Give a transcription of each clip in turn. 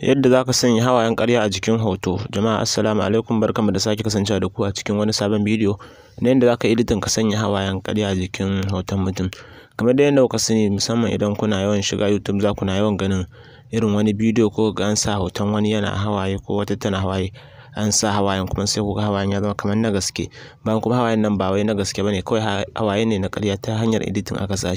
Yadda za ka sanya hawayen ƙarya a jikin hoto. Jama'a assalamu alaikum barkanmu da sake kasancewa da ku a cikin wani sabon bidiyo na yadda za ka editin ka sanya hawayen ƙarya a jikin hoton mutum. Kamar dai yadda kuka sani musamman idan kuna yawan shiga YouTube za ku na yawan ganin irin wani bidiyo ko ga an hoton wani yana hawaye ko wata tana hawaye. an sa hawayen kuma sai ku hawayen ya zama kamar na gaske bayan kuma hawayen nan ba wai na gaske bane kawai hawaye ne na ƙarya ta hanyar editing aka sa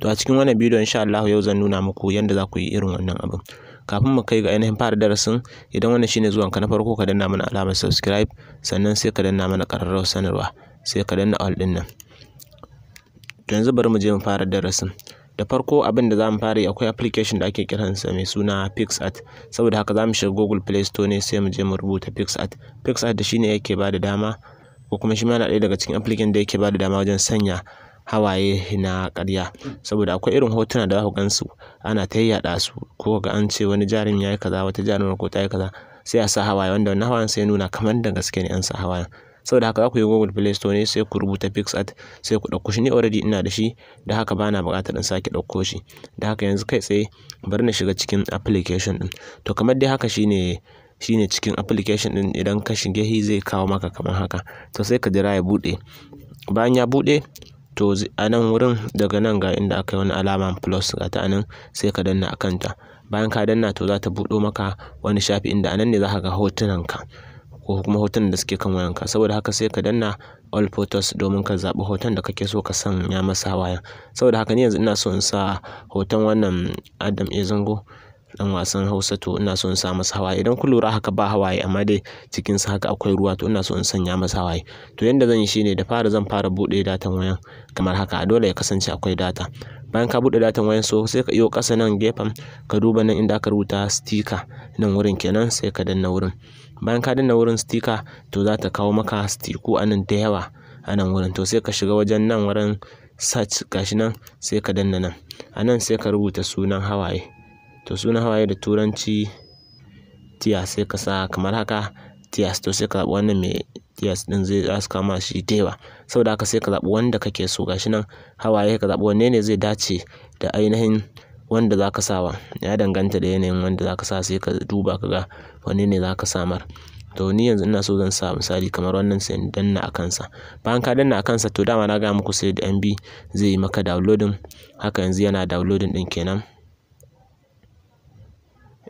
to a cikin wannan bidiyo insha Allah yau zan nuna muku yadda za ku yi irin wannan abin kafin mu kai ga ainihin fara darasin idan wannan shine zuwanka na farko ka danna mana alamar subscribe sannan sai ka danna mana ƙararrawar sanarwa sai ka danna all ɗin nan to yanzu bari mu je mu fara darasin da farko abin da za mu fara akwai application da ake kiransa mai suna pixart saboda haka za mu shiga google play store ne sai mu je mu rubuta pixart pixart da shine yake ba da dama ko kuma shi ma yana ɗaya daga cikin application da yake ba dama wajen sanya hawaye na karya saboda akwai irin hotuna da za ku gansu ana ta yaɗa su ko ga an ce wani jarin ya yi kaza wata jarin ko ta yi kaza sai a sa hawaye wanda wannan hawayen sai nuna kamar da gaske ne an sa hawayen saboda haka za ku yi google play store ne sai ku rubuta pixart sai ku ɗauko shi ne already ina da shi da haka ba na buƙatar in sake ɗauko shi da haka yanzu kai tsaye bari na shiga cikin application din to kamar dai haka shine shine cikin application din idan ka shige shi zai kawo maka kamar haka to sai ka jira ya buɗe bayan ya buɗe to a nan wurin daga nan ga inda aka yi wani alama plus ga ta nan sai ka danna akanta kanta bayan ka danna to za ta buɗo maka wani shafi inda anan ne za ka ga hotunanka ko kuma hoton da suke kan wayanka saboda haka sai ka danna all photos domin ka zaɓi hoton da kake so ka sanya masa wayan saboda haka ne yanzu ina so in sa hoton wannan Adam A Zango ɗan wasan Hausa to ina so in sa masa hawaye idan kun lura haka ba hawaye amma dai cikin sa haka akwai ruwa to ina so in sanya masa hawaye to yanda zan yi shine da fara zan fara buɗe datan wayan kamar haka a dole ya kasance akwai data bayan ka buɗe datan wayan so sai ka iyo ƙasa nan gefen ka duba nan inda aka rubuta sticker nan wurin kenan sai ka danna wurin bayan ka danna wurin sticker to za ta kawo maka stiku a nan da yawa a nan wurin to sai ka shiga wajen nan wurin search gashi nan sai ka danna nan a nan sai ka rubuta sunan hawaye to sunan hawaye da turanci tears sai ka kamar haka tears to sai ka zaɓi wannan mai tias ɗin zai za su kama shi tewa sau saboda aka sai ka zaɓi wanda kake so gashi nan hawaye ka zaɓi wanne ne zai dace da ainihin wanda za ka sawa ya danganta da yanayin wanda za ka sa sai ka duba ka ga wanne ne za ka samar to ni yanzu ina so zan sa misali kamar wannan sai danna a kansa bayan ka danna a kansa to dama na gaya muku sai da bi zai yi maka downloading haka yanzu yana downloading ɗin kenan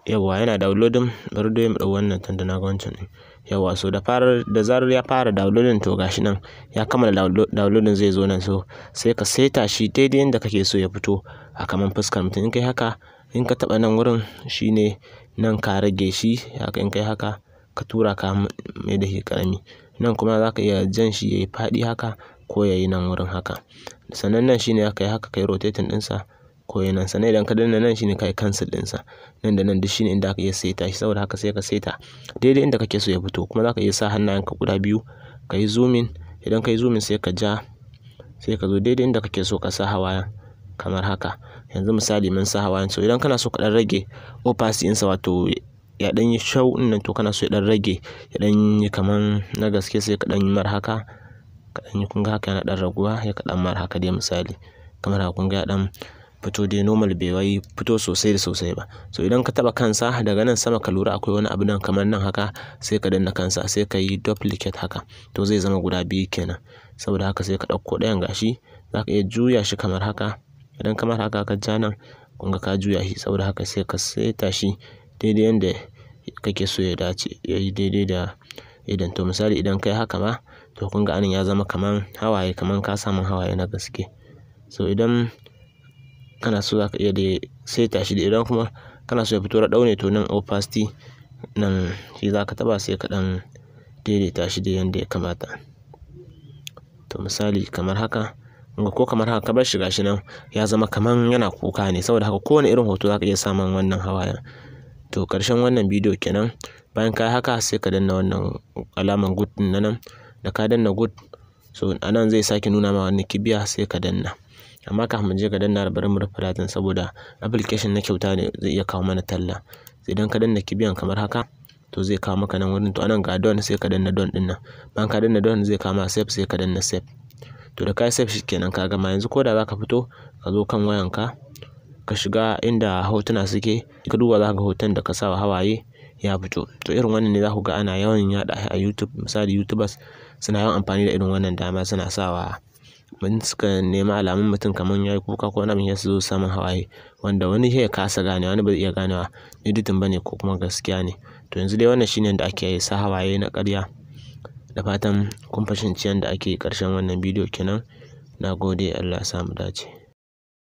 Yawwa yana downloading bari dai mu dau wannan tunda na ga wancan ɗin. so da farar da zarar ya fara downloading to gashi nan ya kammala downloading zai zo nan so sai ka saita shi daidai yanda kake so ya fito a kaman fuskar mutum. In kai haka in ka taba nan wurin shine nan ka rage shi haka in kai haka ka tura ka mai da shi ƙarami. Nan kuma za ka iya jan shi yayi faɗi haka ko yayi nan wurin haka. Sannan nan shine zaka yi haka kayi rotating ɗinsa. yana sa idan ka danna nan shine kai cancel sa nan da nan duk shine inda aka iya saita shi saboda haka sai ka saita daidai inda kake so ya fito kuma za ka iya sa hannayenka guda biyu kai zoom in idan kai zoom in sai ka ja sai ka zo daidai inda kake so ka sa hawayen kamar haka yanzu misali mun sa hawayen so idan kana so ka ɗan rage opacity sa wato ya dan yi shau din nan to kana so ya dan rage ya dan yi kaman na gaske sai ka dan yi mar haka ka dan yi kun ga haka yana dan raguwa ya ka dan mar haka dai misali kamar haka kun ga ya ɗan fito dai normal bai wai fito sosai da sosai ba so idan ka taba kansa daga nan sama ka lura akwai wani abu nan kamar nan haka sai ka danna kansa sai ka yi duplicate haka to zai zama guda biyu kenan saboda haka sai ka ɗauko ɗayan gashi za ka iya juya shi kamar haka idan kamar haka ka ja nan kunga ka juya shi saboda haka sai ka saita shi daidai yadda kake so ya dace ya yi daidai da idan to misali idan kai haka ma to kunga anan ya zama kaman hawaye kamar ka samun hawaye na gaske so idan kana so za ka iya dai saita shi da idan kuma kana so ya fito raɗau ne to nan opacity nan shi za ka taɓa sai ka ɗan daidaita shi da yadda ya kamata to misali kamar haka ko kamar haka ka shiga shi nan ya zama kaman yana kuka ne saboda haka kowane irin hoto za ka iya samun wannan hawaya, to ƙarshen wannan bidiyo kenan bayan ka haka sai ka danna wannan alaman good na nan da ka danna good so anan zai sake nuna ma wani kibiya sai ka danna amma kafin mu je ga danna bari mu rufe saboda application na kyauta ne zai iya kawo mana talla sai idan ka danna kibiyan kamar haka to zai kawo maka nan wurin to anan ga don sai ka danna don din nan bayan ka danna don zai kawo ma save sai ka danna save to da ka save shikenan ka gama yanzu koda zaka fito ka zo kan wayan ka ka shiga inda hotuna suke ka duba za ga hoton da ka sa hawaye ya fito to irin wannan ne za ku ga ana yawan yada a YouTube misali YouTubers suna yawan amfani da irin wannan dama suna sawa wani suka nema alamun mutum kaman yi kuka ko wani abin zo saman hawaye wanda wani ya kasa gane wani ba zai iya wa ni ba ne ko kuma gaskiya ne. To yanzu dai wannan shine da ake sa hawaye na ƙarya. Da fatan kun ciyan da ake karshen wannan bidiyo kenan. Na gode Allah ya sa dace.